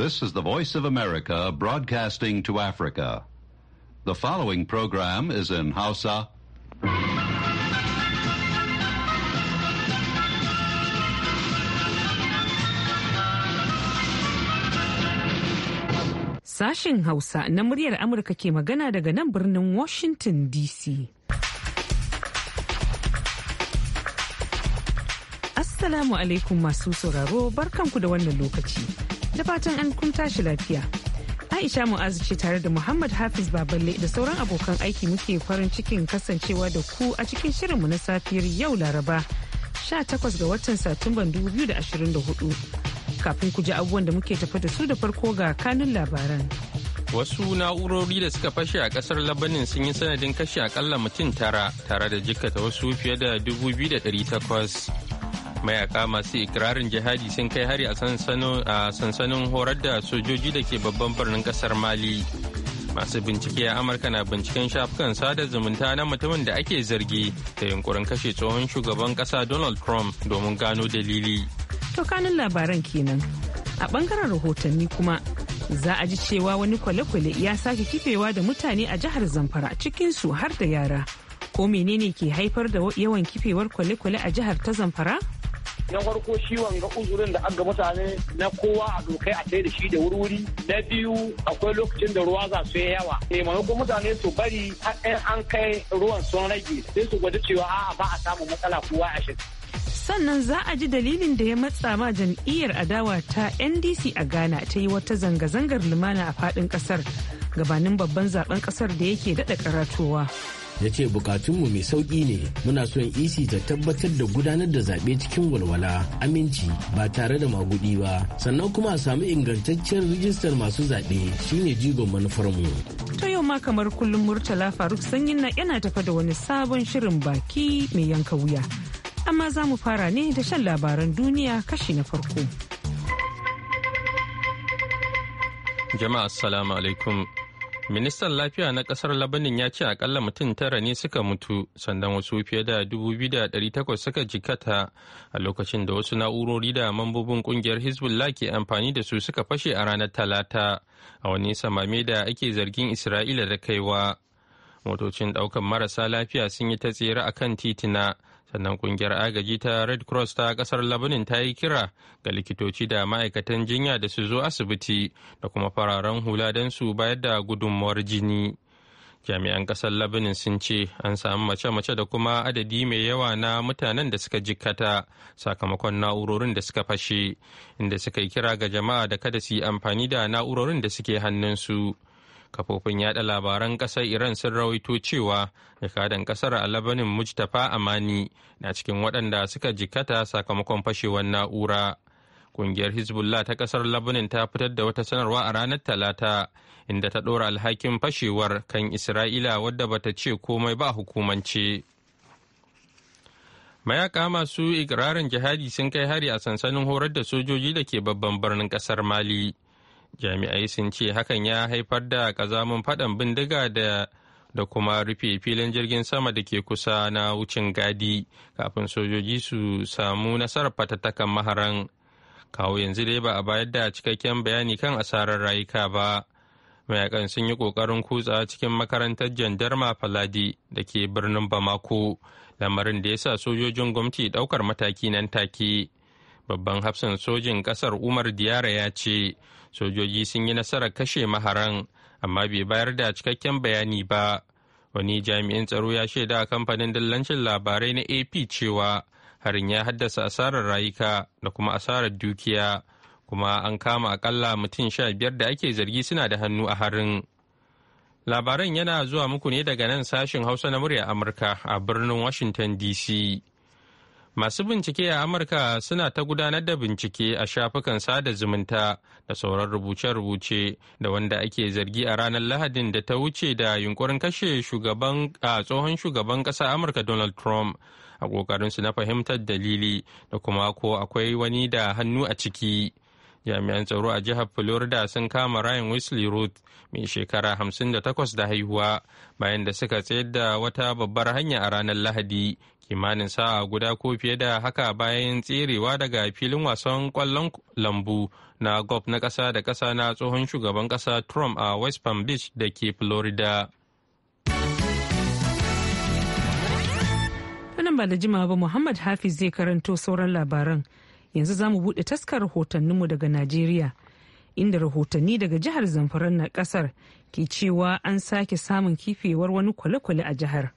This is the Voice of America broadcasting to Africa. The following program is in Hausa. Sashen Hausa na muryar Amurka ke magana daga nan birnin Washington DC. Assalamu alaikum masu sauraro barkanku da wannan lokaci. ta fatan an kun tashi lafiya. Aisha Mu'azu ce tare da Muhammad Hafiz Baballe da sauran abokan aiki muke farin cikin kasancewa da ku a cikin shirinmu na safiyar yau Laraba sha takwas ga watan Satumban hudu Kafin ku ji abubuwan da muke tafi da su da farko ga kanun labaran. Wasu na'urori da suka fashe a kasar Labanin sun yi sanadin kashe akalla mutum tara tare da jikkata wasu fiye da 2,800. mayaka masu ikirarin jihadi sun kai hari a sansanin horar da sojoji da ke babban birnin kasar mali masu bincike a amurka na binciken shafukan sada zumunta na mutumin da ake zargi da yunkurin kashe tsohon shugaban kasa donald trump domin gano dalili to kanin labaran kenan a bangaren rahotanni kuma za a ji cewa wani kwale-kwale ya sake kifewa da mutane a jihar zamfara cikin su har da yara ko menene ke haifar da yawan kifewar kwale-kwale a jihar ta zamfara na farko shi wanga uzurin da aga mutane na kowa a dokai a sai da shi da wuri na biyu akwai lokacin da ruwa za su yi yawa e maimakon mutane su bari har an kai ruwan sun rage sai su gwada cewa a ba a samu matsala kowa a shi sannan za a ji dalilin da ya matsa ma jam'iyyar adawa ta ndc a ghana ta yi wata zanga-zangar lumana a faɗin ƙasar gabanin babban zaben ƙasar da yake daɗa karatowa. ya ce bukatunmu mai sauƙi ne muna son ec ta tabbatar da gudanar da zaɓe cikin walwala aminci ba tare da magudi ba sannan kuma a samu ingantaccen rijistar masu zaɓe shine jigon mu. ta yau ma kamar kullum murtala faruk sanyin na yana tafa da wani sabon shirin baki mai yanka wuya amma za mu fara ne da shan labaran duniya kashi na farko jama'a assalamu alaikum Ministan Lafiya na kasar Labanin ya ce akalla mutum tara ne suka mutu, sannan wasu fiye da 2,800 suka jikata a lokacin da wasu na'urori da mambobin kungiyar Hezbollah ke amfani da su suka fashe a ranar Talata a wani samame da ake zargin Isra'ila da kaiwa. Motocin ɗaukan marasa lafiya sun yi ta tsere a kan titina sannan kungiyar agaji ta red cross ta kasar labanin ta yi kira ga likitoci da ma'aikatan jinya da su zo asibiti da kuma fararen hula don su bayar da gudunmuwar jini jami'an kasar labanin sun ce an samu mace-mace da kuma adadi mai yawa na mutanen da suka jikkata sakamakon na'urorin da suka fashe inda suka yi kira ga jama'a da kada su yi amfani da na'urorin da suke hannunsu. su kafofin yada labaran kasar iran sun rawaito cewa jakadan kasar a labanin mujtafa amani na cikin waɗanda suka jikata sakamakon fashewar na'ura kungiyar hezbollah ta kasar labanin ta fitar da wata sanarwa a ranar talata inda ta ɗora alhakin fashewar kan isra'ila wadda bata ce komai ba hukumance mayaka masu ikirarin jihadi sun kai hari a sansanin horar da sojoji da ke babban birnin kasar mali jami'ai sun ce hakan ya haifar da kazamin faɗan bindiga da da kuma rufe filin jirgin sama da ke kusa na wucin gadi kafin sojoji su samu nasarar fatattakan maharan kawo yanzu dai ba a bayar da cikakken bayani kan asarar rayuka ba mayakan sun yi kokarin kutsa cikin makarantar jandarma faladi da ke birnin bamako lamarin da ya sa sojojin gwamnati ɗaukar mataki nan take babban hafsan sojin kasar umar diyara ya ce sojoji sun yi nasarar kashe maharan amma bai bayar da cikakken bayani ba wani jami'in tsaro ya shaida a kamfanin dillancin labarai na ap cewa harin ya haddasa asarar rayuka da kuma asarar dukiya kuma an kama akalla mutum sha biyar da ake zargi suna da hannu a harin labaran yana zuwa muku ne daga nan sashen hausa na murya amurka a birnin washington dc Masu bincike a Amurka suna ta gudanar da bincike a shafukan sada zumunta da sauran rubuce-rubuce da wanda ake zargi a ranar Lahadin da ta wuce da yunkurin kashe shugaban a tsohon shugaban ƙasa Amurka Donald Trump a ƙoƙarinsu na fahimtar dalili da kuma ko akwai wani da hannu a ciki. jami'an tsaro a jihar florida sun kama ryan wesley roth mai shekara 58 da haihuwa bayan da suka tsayar da wata babbar hanya a ranar lahadi kimanin sa'a guda ko fiye da haka bayan tserewa daga filin wasan kwallon lambu na golf na kasa da kasa na tsohon shugaban kasa trump a west palm beach da ke florida nan ba da jimawa ba muhammad hafiz zai karanto sauran labaran yanzu za mu buɗe taskar rahotanninmu daga najeriya inda rahotanni daga jihar zamfara na kasar ke cewa an sake samun kifewar wani kwale-kwale a jihar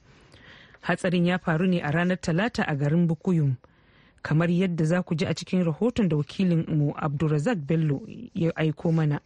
hatsarin ya faru ne a ranar talata a garin bukuyum kamar yadda za ku ji a cikin rahoton da wakilin mu abdulrazak bello ya aiko mana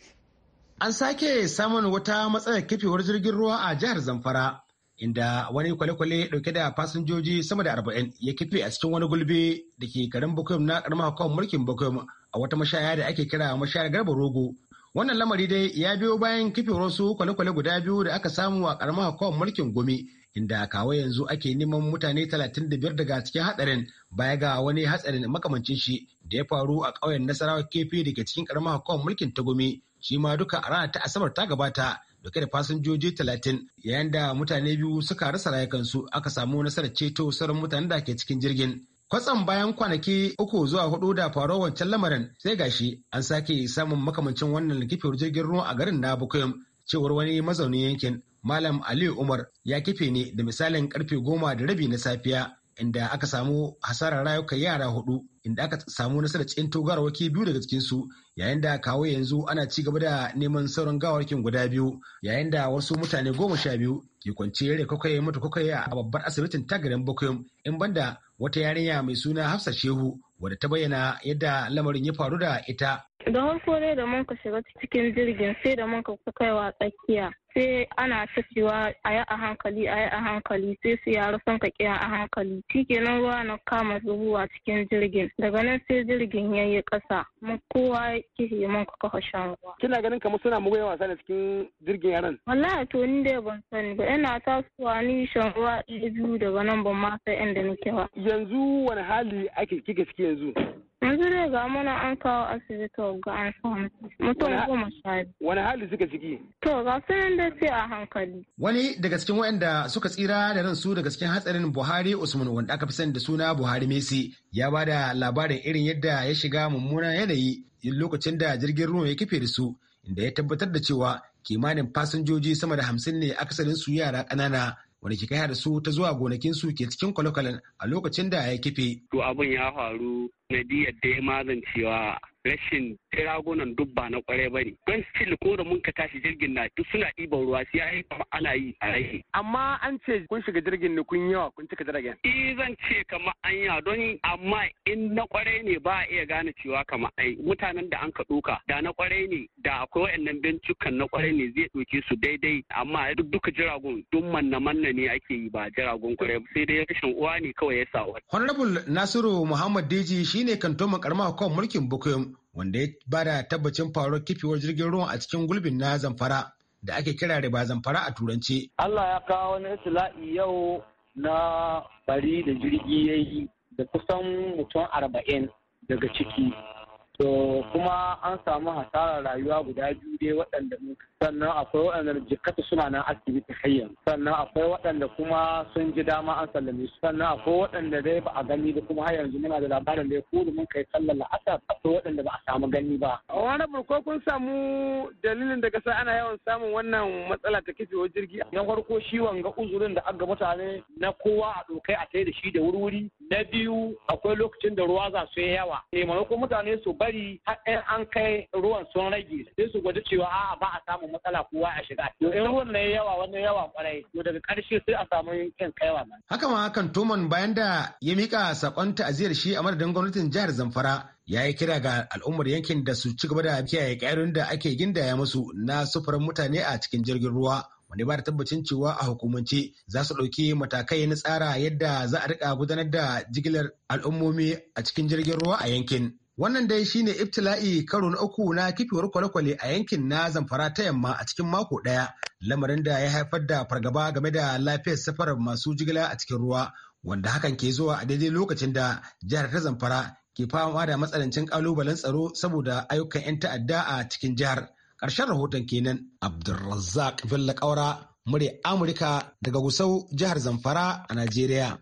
an sake samun wata matsalar kifewar jirgin ruwa a jihar zamfara inda wani kwale-kwale dauke da fasinjoji sama da arba'in ya kife a cikin wani gulbe da ke garin Bokoyom na karamar hukumar mulkin Bokoyom a wata mashaya da ake kira mashayar Garba Rogo. Wannan lamari dai ya biyo bayan kifewar wasu kwale-kwale guda biyu da aka samu a karamar hukumar mulkin Gumi inda kawo yanzu ake neman mutane talatin da biyar daga cikin hatsarin baya ga wani hatsarin makamancin shi da ya faru a ƙauyen Nasarawa Kefi da ke cikin karamar hukumar mulkin ta Gumi, shi ma duka a ranar ta Asabar ta gabata dauke da fasinjoji talatin yayin da mutane biyu suka rasa rayukansu aka samu nasarar ceto sauran mutanen da ke cikin jirgin. Kwatsam bayan kwanaki uku zuwa hudu da faruwar wancan lamarin sai gashi an sake samun makamancin wannan kifiyar jirgin ruwa a garin na Bukuyum cewar wani mazaunin yankin Malam Aliyu Umar ya kife ne da misalin karfe goma da rabi na safiya inda aka samu hasarar rayukan yara hudu inda aka samu nasarar tsinto garwaki biyu daga cikinsu yayin da kawo yanzu ana ci gaba da neman sauran gawarkin guda biyu yayin da wasu mutane goma sha biyu ke kwance yare kwakwai mata kwakwai a babbar asibitin tagarin bakwai in banda wata yarinya mai suna hafsa shehu wadda ta bayyana yadda lamarin ya faru da ita. Da farko dai da mun shiga cikin jirgin sai da mun ka kaiwa tsakiya sai ana ta cewa a yi a hankali a yi a hankali sai su ka kiya a hankali shikenan ruwa na kama zubuwa cikin jirgin daga nan sai jirgin ya yi ƙasa mu kowa ya mun ka kafa shan ruwa. Kina ganin kamar suna mugun wasa ne cikin jirgin yaran? Wallahi to ni dai ban sani ba ina tasowa ni shan ruwa ɗaya biyu daga nan ban ma sai inda nake ba. Yanzu wani hali ake kike ciki zu yanzu dai ga mana an kawo asibiti ga an mutum goma sha wani hali suka ciki to ga nan da sai a hankali wani daga cikin waɗanda suka tsira da ransu daga cikin hatsarin buhari usman wanda aka fi sani da suna buhari messi ya ba da labarin irin yadda ya shiga mummunan yanayi yin lokacin da jirgin ruwa ya kife da su inda ya tabbatar da cewa kimanin fasinjoji sama da hamsin ne akasarin su yara ƙanana wanda ke kai da su ta zuwa gonakin su ke cikin kwale a lokacin da ya kife. To abin ya faru sanadiyar da ya magancewa rashin tiragunan dubba na kwarai ne. don still ko da mun ka tashi jirgin na duk suna ɗiban ruwa sai ai ana yi a rai amma an ce kun shiga jirgin ne kun yawa kun cika jiragen eh zan ce kamar anya don amma in na kwarai ne ba a iya gane cewa kamar ai mutanen da an ka ɗoka da na kwarai ne da akwai wa'annan bincikan na kwarai ne zai ɗauke su daidai amma duk duka jiragun duk manna manna ne ake yi ba jiragun kwarai sai dai rashin uwa ne kawai ya sa Honorable Nasiru Muhammad Deji shi Shi ne kantoman karamar hukumar mulkin bukoyim wanda ya ba da tabbacin faruwar kifiwar jirgin ruwan a cikin gulbin na zamfara da ake kira riba zamfara a turanci. Allah ya kawo wani isla'i yau na bari da jirgi ya yi da kusan mutum arba'in daga ciki to kuma an samu hasarar rayuwa guda biyu dai waɗanda sannan akwai waɗanda jikata suna nan asibiti hayyan sannan akwai waɗanda kuma sun ji dama an sallame su sannan akwai waɗanda dai ba a gani da kuma har yanzu muna da labarin da ko mun kai sallar la'asar akwai waɗanda ba a samu gani ba. wani ko kun samu dalilin daga sa ana yawan samun wannan matsala ta kifi jirgi na farko shi wanga uzurin da aga mutane na kowa a ɗaukai a tai da shi da wurwuri na biyu akwai lokacin da ruwa za su yi yawa eh, ne mutane su bari har an kai ruwan sun rage sai su gwada cewa a'a ba a samu matsala kowa a shiga to in ruwan na yawa wannan yawa kwarai to daga karshe sai a samu yankin kaiwa nan haka ma hakan toman bayan da ya mika sakon ta'aziyar shi a madadin gwamnatin jihar Zamfara ya yi kira ga al'ummar yankin da su ci gaba da kiyaye ƙa'irin da ake gindaya musu na sufurin mutane a cikin jirgin ruwa wanda ba da tabbacin cewa a hukumance za su ɗauki matakai na tsara yadda za a rika gudanar da jigilar al'ummomi a cikin jirgin ruwa a yankin. Wannan dai shine ibtila'i karo na uku na kifiwar kwale a yankin na zamfara ta yamma a cikin mako ɗaya, lamarin da ya haifar da fargaba game da lafiyar safarar masu jigila a cikin ruwa, wanda hakan ke zuwa a daidai lokacin da jihar ta zamfara ke fama da matsanancin kalubalen tsaro saboda ayyukan 'yan ta'adda a cikin jihar. Ƙarshen rahoton kenan Abdulrazzaq Bello Kaura murya Amurka daga Gusau jihar Zamfara a Najeriya.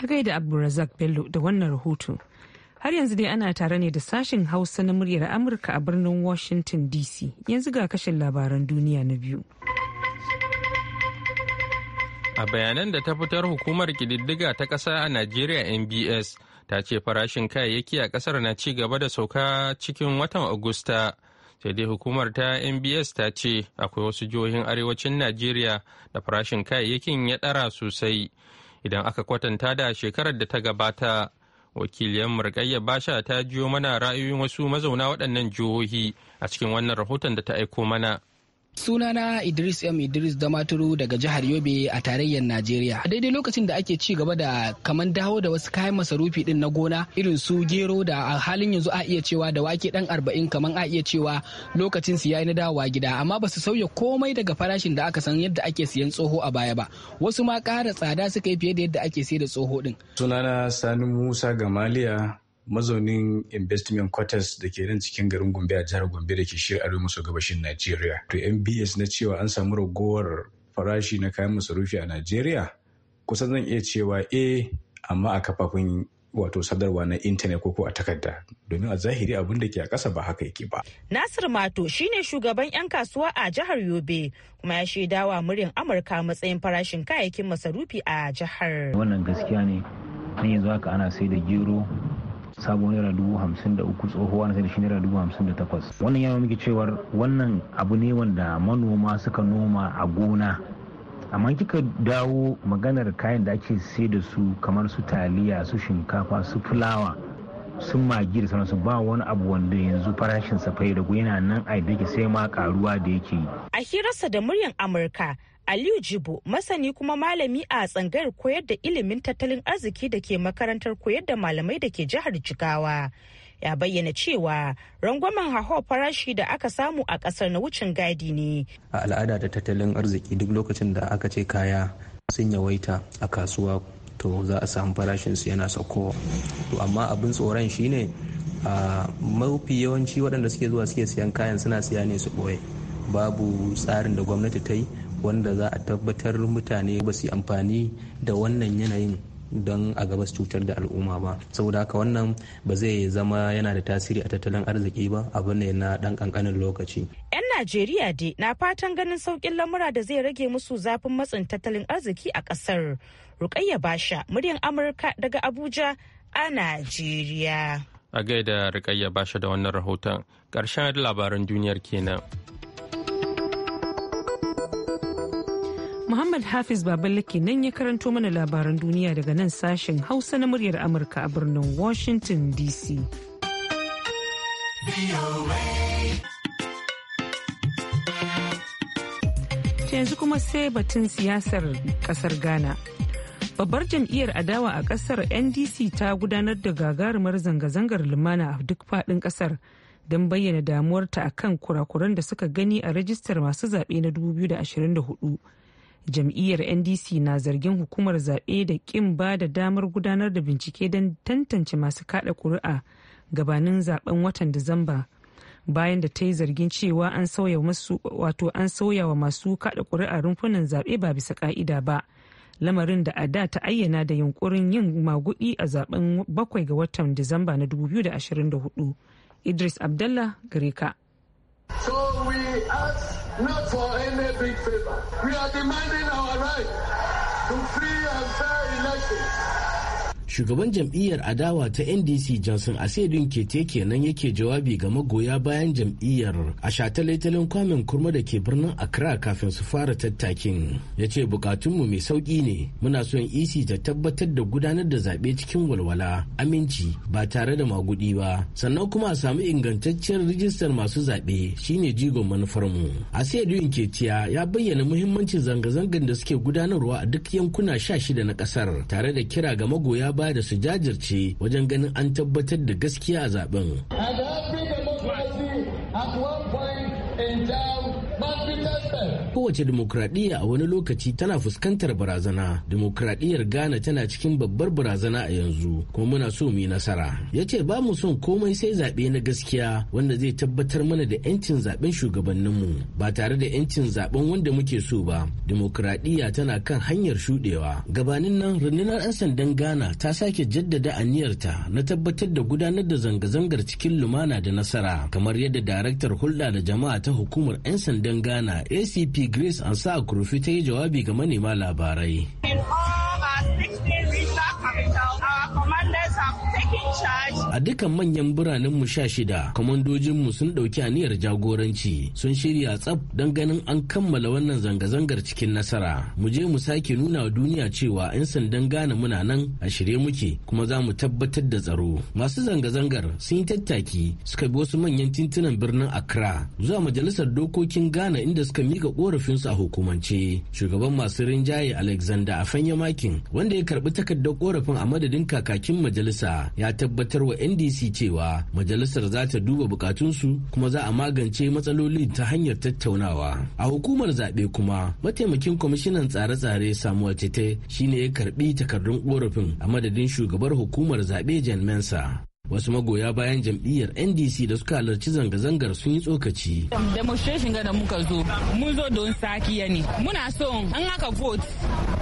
A gaida Abdulrazzaq Bello da wannan rahoto. Har yanzu dai ana tare ne da sashen Hausa na muryar Amurka a birnin Washington DC. Yanzu ga kashin labaran duniya na biyu. A bayanan da ta fitar hukumar kididdiga ta ƙasa a Najeriya NBS ta ce farashin kayayyaki a ƙasar na ci gaba da sauka cikin watan Agusta. sai dai hukumar ta nbs ta ce akwai wasu jihohin arewacin najeriya da farashin kayayyakin ya ɗara sosai idan aka kwatanta da shekarar da ta gabata wakiliyan murgayya basha ta jiyo mana ra'ayoyin wasu mazauna waɗannan jihohi a cikin wannan rahoton da ta aiko mana Sunana Idris M. Idris Damaturu daga jihar Yobe a tarayyar Najeriya. A daidai lokacin da ake ci gaba da kamar dawo da wasu kayan masarufi din na gona irin su gero da a halin yanzu a iya cewa da wake dan arba'in kamar a iya cewa lokacin su yayi na dawowa gida amma ba su sauya komai daga farashin da aka san yadda ake siyan tsoho a baya ba. Wasu ma kara tsada suka yi fiye da yadda ake siyar da tsoho din. Sunana Sani Musa Gamaliya mazaunin investment quarters da ke nan cikin garin gombe a jihar gombe da ke shirya arewa maso gabashin najeriya to mbs na cewa an samu ragowar farashi na kayan masarufi a najeriya kusan zan iya cewa eh amma a kafafun wato sadarwa na intanet ko a takarda domin a zahiri abin da ke a kasa ba haka yake ba. Nasir Mato shine shugaban 'yan kasuwa a jihar Yobe kuma ya shaidawa muryar Amurka matsayin farashin kayayyakin masarufi a jihar. Wannan gaskiya ne, yanzu haka ana sai da gero sabo naira dubu hamsin da uku tsohuwa na sai da shi naira dubu hamsin da takwas wannan ya miki cewar wannan abu ne wanda manoma suka noma a gona amma kika dawo maganar kayan da ake sai da su kamar su taliya su shinkafa su fulawa sun magi da sanarsu ba wani abu wanda yanzu farashin safai da yana nan a da sai ma karuwa da yake yi a hirarsa da muryar amurka Aliyu Jibo masani kuma malami a tsangayar koyar da ilimin tattalin arziki da ke makarantar koyar da malamai da ke jihar Jigawa. Ya bayyana cewa rangwamen haho farashi da aka samu a kasar na wucin gadi ne. A al'ada da tattalin arziki duk lokacin da aka ce kaya sun yawaita a kasuwa to za a samu farashinsu yana saukowa. To amma abin tsoron shine a mafi yawanci waɗanda suke zuwa suke siyan kayan suna siya ne su ɓoye. Babu tsarin da gwamnati ta yi wanda za a tabbatar mutane ba su amfani da wannan yanayin don a gaba cutar da al'umma ba saboda haka wannan ba zai zama yana da tasiri a tattalin arziki ba abu ne na dan kankanin lokaci yan najeriya dai na fatan ganin saukin lamura da zai rage musu zafin matsin tattalin arziki a kasar rukayya basha muryan amurka daga abuja a najeriya a gaida rukayya basha da wannan rahoton karshen labaran duniyar kenan Muhammad Hafiz Baballake nan ya karanto mana labaran duniya daga nan sashen Hausa na muryar Amurka a birnin Washington DC. yanzu kuma sai batun siyasar kasar Ghana. Babbar jam'iyyar adawa a kasar NDC ta gudanar da gagarumar zanga-zangar lumana a duk faɗin kasar don bayyana damuwarta akan kurakuran da suka gani a rajistar masu zaɓe na 2024. jam'iyyar ndc na zargin hukumar zaɓe da ƙin ba da damar gudanar da bincike don tantance masu kaɗa ƙuri'a gabanin zaben watan disamba bayan da ta yi zargin cewa an sauya wa masu kaɗa ƙuri'a rumfunan zaɓe ba bisa ƙa'ida ba lamarin da a da ta ayyana da yunkurin yin magudi a zaben bakwai ga watan disamba na 2024 idris abdallah gareka. so not for any big favor. We are demanding our right to free and fair shugaban jam'iyyar adawa ta ndc johnson asedin kete kenan yake jawabi ga magoya bayan jam'iyyar a shataletalen kwamin kurma da ke birnin accra kafin su fara tattakin ya ce bukatunmu mai sauki ne muna son ec ta tabbatar da gudanar da zaɓe cikin walwala aminci ba tare da magudi ba sannan kuma a samu ingantacciyar rijistar masu zaɓe shine jigon manufarmu asedin ketiya ya bayyana muhimmancin zanga-zangar da suke gudanarwa a duk yankuna sha shida na ƙasar tare da kira ga magoya bayan ba da su jajirce wajen ganin an tabbatar da gaskiya a zaben. kowace demokradiyya a wani lokaci tana fuskantar barazana demokradiyyar ghana tana cikin babbar barazana a yanzu kuma muna so mu yi nasara ya ce ba mu son komai sai zaɓe na gaskiya wanda zai tabbatar mana da 'yancin zaɓen shugabanninmu ba tare da 'yancin zaɓen wanda muke so ba demokradiyya tana kan hanyar shuɗewa gabanin nan rundunar 'yan sandan ghana ta sake jaddada aniyarta na tabbatar da gudanar da zanga-zangar cikin lumana da nasara kamar yadda daraktar hulɗa da jama'a ta hukumar 'yan sandan ghana acp an sa kurfi ta yi jawabi ga manema labarai A dukan manyan biranen mu sha shida, kwamandojin mu sun ɗauki aniyar jagoranci sun shirya tsaf don ganin an kammala wannan zanga-zangar cikin nasara. Mu je mu sake nuna wa duniya cewa 'yan sandan gane muna nan a shirye muke kuma za mu tabbatar da tsaro. Masu zanga-zangar sun yi tattaki suka bi wasu manyan tintunan birnin Accra zuwa majalisar dokokin Ghana inda suka mika korafin su a hukumance. Shugaban masu rinjaye Alexander Afanya Makin wanda ya karbi takardar korafin a madadin kakakin majalisa ya tabbatar wa ndc cewa majalisar za ta duba bukatunsu kuma za a magance matsalolin ta hanyar tattaunawa a hukumar zaɓe kuma mataimakin kwamishinan tsare-tsare samuel tete shine ya karbi takardun korafin a madadin shugabar hukumar zaɓe jan mensa wasu magoya bayan jam'iyyar ndc da suka halarci zanga-zangar sun yi tsokaci demonstration ga da muka zo mun zo don sakiya ne muna so an aka vote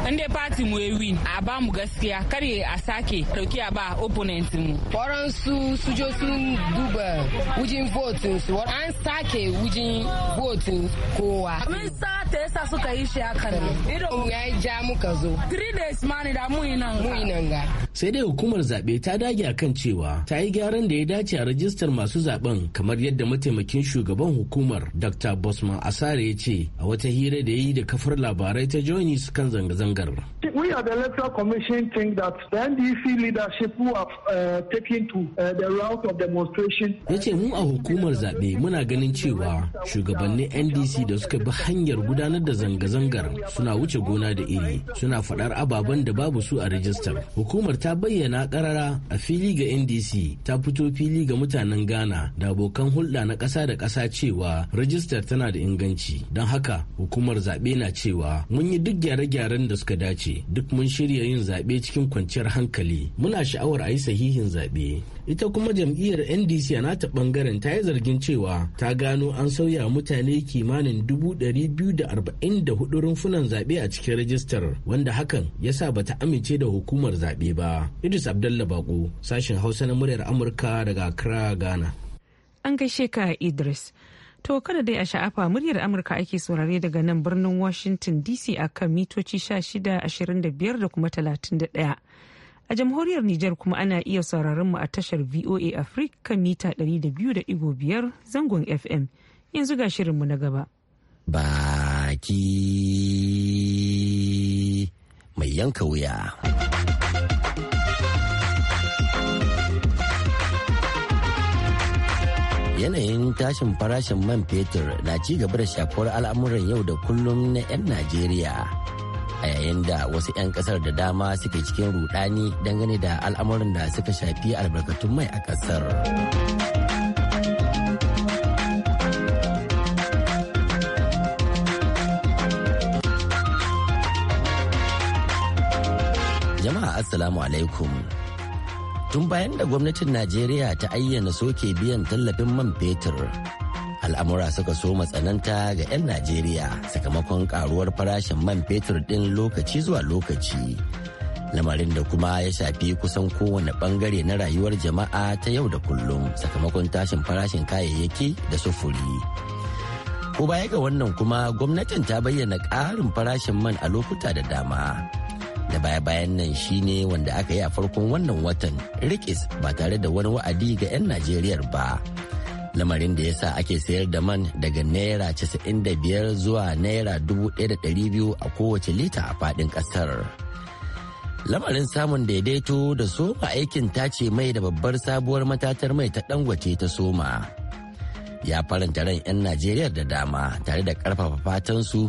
in dai party mu win a ba mu gaskiya kar a sake dauki a ba opponent mu foran su su jo sun duba wujin vote su an sake wujin vote kowa mun ta yasa suka yi shi hakan nan idon ya ja muka zo three days ma ne da mu nan mu nan ga sai dai hukumar zaɓe ta dage akan cewa ta yi gyaran da ya dace a rajistar masu zaben kamar yadda mataimakin shugaban hukumar dr bosman asare ya ce a wata hira da ya yi da kafar labarai ta joinis kan zanga-zangar we at the electoral commission think that the ndc leadership who have uh, taken to uh, the route of demonstration yace ce mu a hukumar zaɓe muna ganin cewa shugabannin ndc da suka bi hanyar guda. gudanar da zanga-zangar suna wuce gona da iri suna faɗar ababen da babu su a rijistar hukumar ta bayyana karara a fili ga ndc ta fito fili ga mutanen ghana da abokan hulɗa na ƙasa da ƙasa cewa rijistar tana da inganci don haka hukumar zaɓe na cewa mun yi duk gyare-gyaren da suka dace duk mun shirya yin zaɓe cikin kwanciyar hankali muna sha'awar a yi sahihin zaɓe ita kuma jam'iyyar ndc a nata ɓangaren ta yi zargin cewa ta gano an sauya mutane kimanin dubu ɗari biyu da 44 rumfunan zaɓe a cikin rajistar wanda hakan ya sa ba ta amince da hukumar zaɓe ba. Idris Abdallah Bako, sashen Hausa na muryar Amurka daga Accra, Ghana. An gaishe ka Idris. To kada dai a sha'afa muryar Amurka ake saurare daga nan birnin Washington DC a kan mitoci shida ashirin da biyar da kuma talatin da ɗaya A jamhuriyar Nijar kuma ana iya sauraron mu a tashar VOA Africa kan mita ɗari da da biyu biyar zangon FM. Yanzu ga shirinmu na gaba. Ba sarki mai yanka wuya. Yanayin tashin farashin man fetur na ci gaba da shafuwar al'amuran yau da kullum na 'yan Najeriya. A yayin da wasu 'yan kasar da dama suke cikin rudani dangane da al'amuran da suka shafi albarkatun mai a kasar. assalamu alaikum tun bayan da gwamnatin najeriya ta ayyana soke biyan tallafin man fetur al'amura suka so matsananta ga 'yan najeriya sakamakon karuwar farashin man fetur ɗin lokaci zuwa lokaci lamarin da kuma ya shafi kusan kowane bangare na rayuwar jama'a ta yau da kullum sakamakon tashin farashin kayayyaki da sufuri. Ko baya ga wannan kuma gwamnatin ta bayyana ƙarin farashin man a lokuta da dama da baya-bayan nan shi ne wanda aka yi a farkon wannan watan rikis ba tare da wani wa'adi ga 'yan Najeriya ba lamarin da ya sa ake sayar da man daga naira 95 zuwa naira 1,200 a kowace lita a fadin kasar lamarin samun daidaito da soma aikin tace mai da babbar sabuwar matatar mai ta dangwace ta soma ya faranta ran 'yan najeriya da dama tare da karfafa su.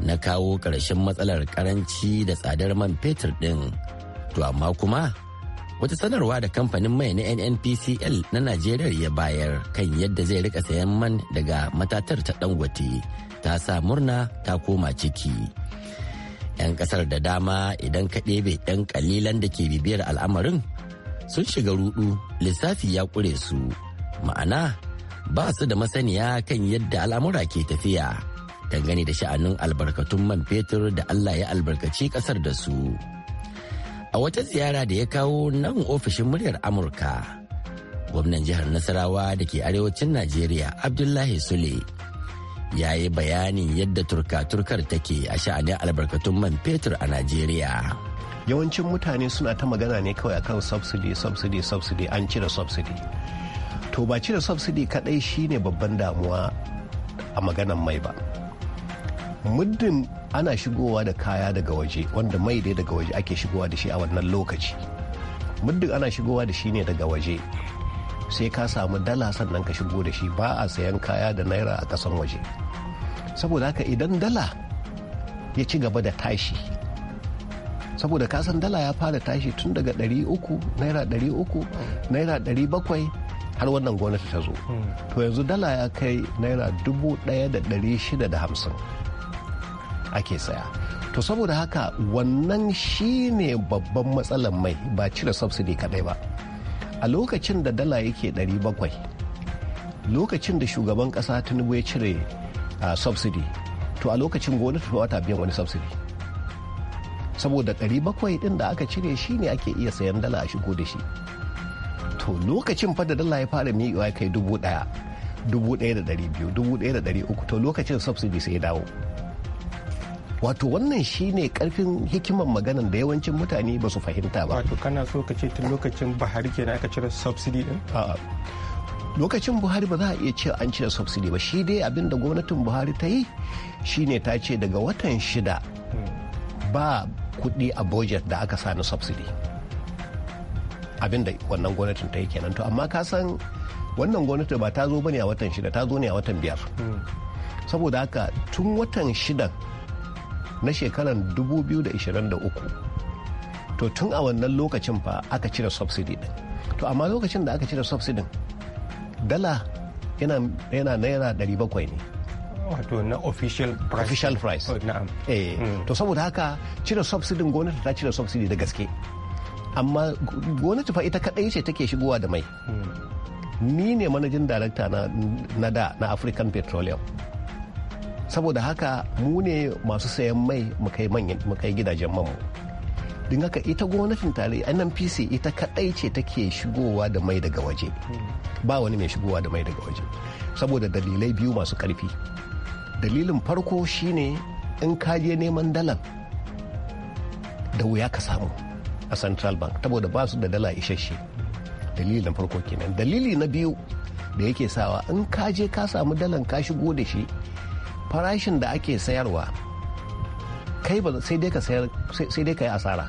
na kawo ƙarshen matsalar karanci da tsadar man fetur ɗin. To amma kuma wata sanarwa da kamfanin mai na nnpcl na najeriya ya bayar kan yadda zai rika sayan man daga matatar ta dangote ta sa murna ta koma ciki yan kasar da dama idan ka ɗebe yan kalilan da ke bibiyar al'amarin sun shiga rudu lissafi ya kure su ma'ana ba su da masaniya kan yadda al'amura ke tafiya dangane da sha'anin albarkatun man fetur da Allah ya albarkaci kasar da su. A wata ziyara da ya kawo nan ofishin muryar Amurka, gwamnan jihar Nasarawa da ke arewacin Najeriya Abdullahi Sule ya yi bayanin yadda turka-turkar take a sha'anin albarkatun man fetur a Najeriya. Yawancin mutane suna ta magana ne kawai akan subsidy, subsidy, subsidy, an cire subsidy. To ba cire subsidy kaɗai shine babban damuwa a maganan mai ba. muddin ana shigowa da kaya daga waje wanda mai dai daga waje ake shigowa da shi a wannan lokaci muddin ana shigowa da shi ne daga waje sai ka samu dala sannan ka shigo da shi ba a sayan kaya da naira a kasan waje saboda haka idan dala ya ci gaba da tashi saboda kasan dala ya fara tashi tun daga 300 naira 300 naira 700 har wannan gwamnati ta zo hmm. to yanzu dala ya kai naira 1650 ake saya to saboda haka wannan shine babban matsalar mai ba cire subsidy kadai ba a lokacin da dala yake 700 lokacin da shugaban kasa tinubu ya cire subsidy to a lokacin gona ta wata biyan wani subsidy saboda 700 din da aka cire shine ake iya sayan dala a shigo da shi to lokacin fa da dala ya fara miƙewa kai dubu ɗaya dubu ɗaya da ɗari biyu dubu ɗaya da ɗari uku to lokacin subsidy sai ya dawo wato wannan shine karfin hikimar maganan da yawancin mutane ba su fahimta ba wato kana so ka ce tun lokacin buhari kenan aka cire subsidy din lokacin buhari ba za a iya ce an cire subsidy ba shi dai abin da gwamnatin buhari ta yi shine ta ce daga watan shida hmm. ba kudi a budget da aka sani subsidy abin da wannan gwamnatin ta yi kenan to amma ka san wannan gwamnati ba ta zo bane a watan shida ta zo ne a watan biyar hmm. saboda haka tun watan shidan na shekarar 2023 to tun a wannan lokacin fa aka cire subsidy din to amma lokacin da aka cire subsidy dala yana naira 700 ne wato na official price official price oh, na'am eh hmm. to saboda haka cire subsidy gwamnati ta cire subsidy da gaske amma gwamnati fa ita kadai ce take shigowa da mai hmm. ni ne manajin darakta na da na african petroleum saboda haka mu ne masu sayan mai mu kai gidajen mu din haka ita gwamnatin tarayya nnpc ita kadai ce take shigowa da mai daga waje ba wani mai shigowa da mai daga waje saboda dalilai biyu masu karfi dalilin farko shine in ka je neman dalar da wuya ka samu a central bank saboda ba su da dala isasshe Dalilin farko kenan dalili na biyu da yake sawa in ka je ka samu dalan ka shigo da shi farashin da ake sayarwa kai ba sai dai ka sayar sai dai ka yi asara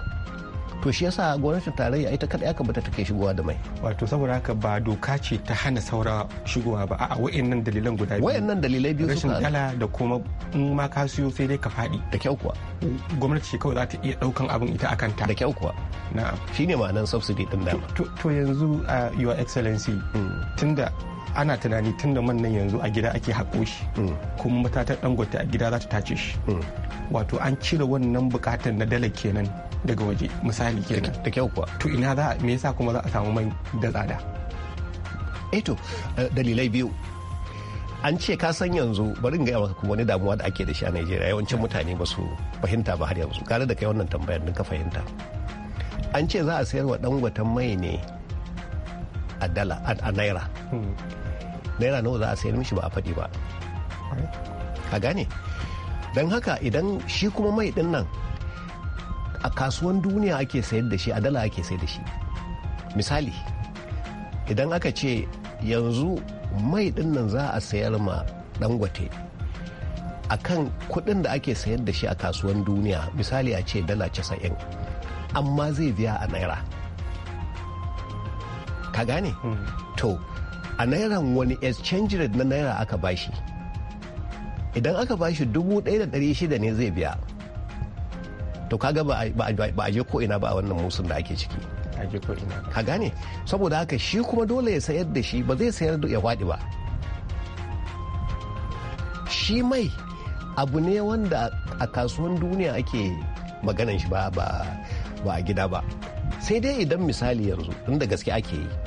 to shi yasa gwamnatin tarayya ita kada ya bata take shigowa da mai wato saboda haka ba doka ce ta hana saura shigowa ba a'a wayannan dalilan guda biyu wayannan dalilai biyu rashin dala da kuma in ma ka siyo sai dai ka fadi da kyau kuwa gwamnati ce kawai za ta iya daukan abin ita akan ta da kyau kuwa na'am shine ma'anar subsidy din da to yanzu uh, your excellency hmm. tunda ana tunani tun da man nan yanzu a gida ake haƙo shi mm. kuma matatar dangote a gida za ta tace shi mm. wato an cire wannan bukatar na dala kenan daga waje misali kenan da kyau kuwa to ina za me yasa kuma za a samu mai da tsada eto eh eh, dalilai biyu an ce ka san yanzu bari in gaya maka kuma wani damuwa da ake da shi a Najeriya yawancin mutane ba su fahimta ba har yanzu gare da kai wannan tambayar din ka fahimta an ce za a sayar wa dangwatan mai ne a dala a naira mm. naira nawa za a sayar mishi ba a faɗi ba a gane don haka idan shi kuma mai din nan a kasuwan duniya ake sayar da shi a dala ake sayar da shi misali idan aka ce yanzu mai din nan za a sayar ma dangote a kan kudin da ake sayar da shi a kasuwan duniya misali a ce dala casa'in amma zai biya a naira ka gane hmm. to a naira wani exchange rate na naira aka bashi idan aka bashi dubu ɗaya da ɗari shida ne zai biya to kaga ba a je ko ina ba a wannan musun da ake ciki ka gane saboda haka shi kuma dole ya sayar da shi ba zai sayar da ya waɗi ba shi mai abu ne wanda a kasuwan duniya ake maganan shi ba a gida ba sai dai idan misali yanzu inda gaske ake yi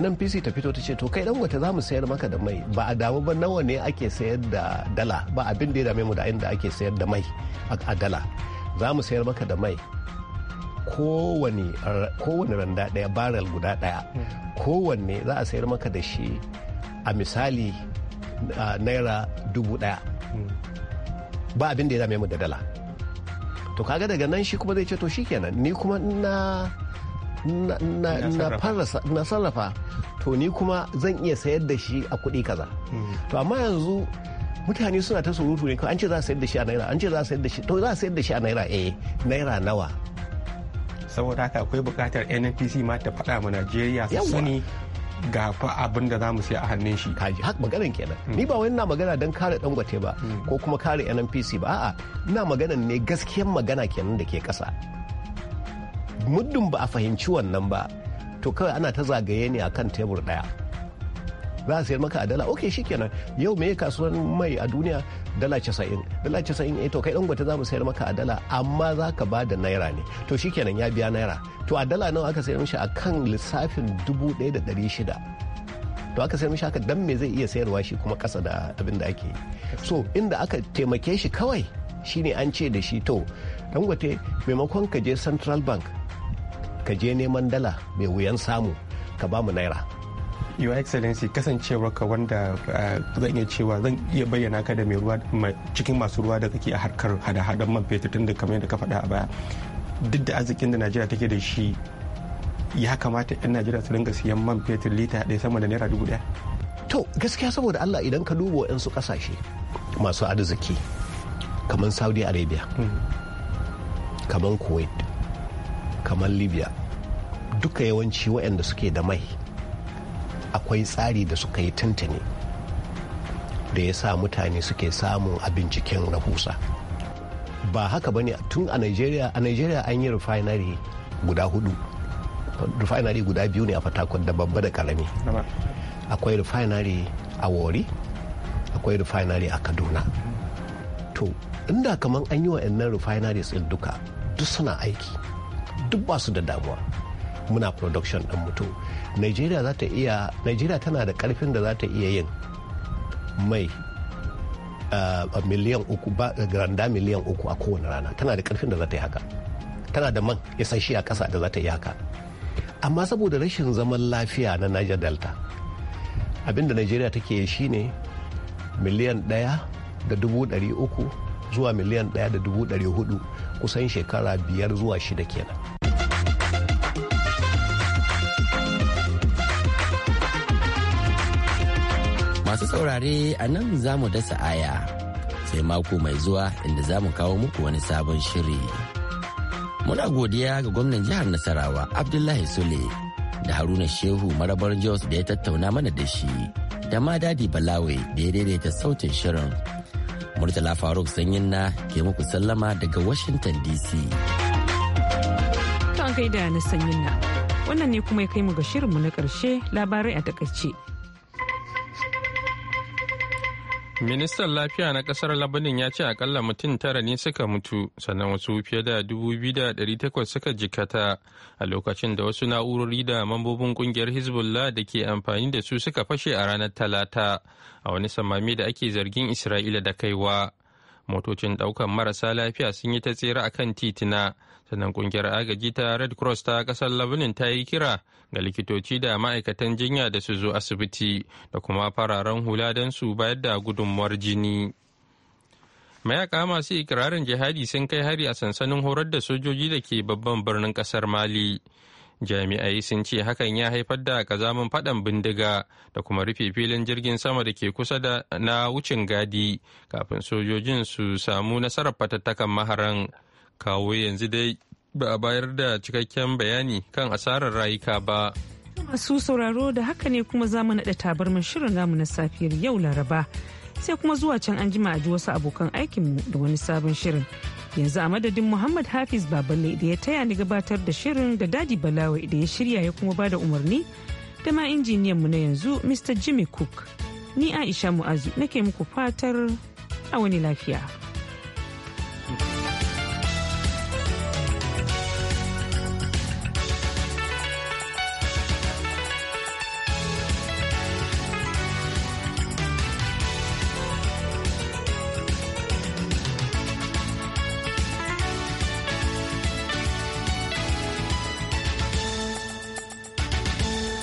nnpc ta fito ta ce to kai dan wata za mu sayar maka da mai ba a damu ba nawa ne ake sayar da dala ba abin da ya dame mu da inda ake sayar da mai a dala za mu sayar maka da mai kowane randa daya barrel guda daya kowanne za a sayar maka da shi a misali naira dubu daya ba abin da ya dame mu da dala to kaga daga nan shi kuma zai ce to shi kenan ni kuma na na sarrafa to ni kuma zan iya sayar da shi a kuɗi kaza hmm. to amma yanzu mutane suna ta surutu ne an ce za a sayar da shi a naira an ce za a sayar da shi to za a sayar da shi a naira eh naira nawa saboda haka akwai bukatar nnpc ma ta faɗa ma najeriya su sani ga fa abin da za mu sai a hannun shi kaji hak maganar kenan hmm. ni ba wai ina magana don kare dangote ba hmm. ko kuma kare nnpc ba a'a ina magana ne gaskiyar magana kenan da ke kasa muddin ba a fahimci wannan ba to kawai ana ta zagaye ne akan tebur daya za a sayar maka a dala ok shikenan yau me kasuwar mai a duniya dala casa'in dala casa'in eh to kai dan gwata za mu sayar maka a dala amma za ka ba da naira ne to shikenan ya biya naira to a dala nawa aka sayar mishi a kan lissafin dubu ɗaya da ɗari shida to aka sayar mishi haka dan me zai iya sayarwa shi kuma kasa da abin da ake yi so inda aka taimake shi kawai shine an ce da shi to dangote maimakon ka je central bank ka je neman dala mai wuyan samu ka ba mu naira your excellency kasancewar ka wanda eh, zan iya cewa zan iya bayyana ka da mai ruwa cikin masu ruwa da kake a harkar hada-hadan man fetur tun da kamar yadda ka faɗa a baya duk da arzikin da najeriya take da shi ya kamata 'yan najeriya su dinga siyan man fetur lita ɗaya sama da naira dubu ɗaya to gaskiya saboda allah idan ka duba wa su kasashe. masu arziki kamar saudi arabia mm. kamar kuwait kamar libya duka yawanci waɗanda suke da mai akwai tsari da suka yi tuntuni da ya sa mutane suke samun a binciken rahusa ba haka ba ne tun a nigeria a nigeria an yi refinery guda hudu refinery guda biyu ne a fatakon da babba da karami akwai refinery a wari akwai refinery a kaduna to inda kamar an yi wa refineries ɗin duka duk suna aiki duk ba su da damuwa muna production ɗin mutum nigeria za ta iya nigeria tana da karfin da za ta iya yin mai ah, miliyan uku ba miliyan uku a kowane rana tana da karfin da za ta yi haka tana da man shi a ƙasa da za ta yi haka amma saboda rashin zaman lafiya na niger delta abinda nigeria take shine miliyan ɗaya da dubu ɗari uku zuwa miliyan ɗaya da dubu ɗari hudu kusan shekara biyar zuwa shida kenan masu saurare a nan za mu dasa aya sai mako mai zuwa inda za mu kawo muku wani sabon shiri. Muna godiya ga gwamnan jihar Nasarawa Abdullahi Sule da Haruna Shehu marabar Jos da ya tattauna mana da shi da ma Dadi Balawe da ya daidaita sautin shirin. Murtala Faruk Sanyin na ke muku sallama daga Washington DC. Kan da na Sanyin na. Wannan ne kuma ya kai mu ga shirinmu na ƙarshe labarai a takaice. Ministan Lafiya na kasar Labanin ya ce akalla mutum tara ne suka mutu sannan wasu fiye da takwas suka jikata a lokacin da wasu na'urori da mambobin kungiyar Hezbollah da ke amfani da su suka fashe a ranar Talata a wani samami da ake zargin Isra'ila da kaiwa. motocin daukan marasa lafiya sun yi ta tsere a kan titina sannan kungiyar agaji ta red cross ta kasar labanin ta yi kira ga likitoci da ma'aikatan jinya da su zo asibiti da kuma fararen hula don su bayar da gudunmuwar jini mayaka masu ikirarin jihadi sun kai hari a sansanin horar da sojoji da ke babban birnin kasar mali jami'ai sun ce hakan ya haifar da kazamin fadan bindiga da kuma rufe filin jirgin sama da ke kusa da na wucin gadi kafin sojojin su samu nasarar fatattakan maharan kawo yanzu dai ba a bayar da cikakken bayani kan asarar rayuka ba masu sauraro da haka ne kuma za mu naɗa tabarmin shirin namu na safiyar yau laraba sai kuma zuwa can an jima a ji wasu abokan aikinmu da wani sabon shirin yanzu a madadin muhammad hafiz baballe da ya taya ni gabatar da shirin da dadi balawai da ya shirya ya kuma bada umarni da ma injiniyanmu na yanzu mr jimmy cook ni aisha mu'azu nake muku fatar a wani lafiya.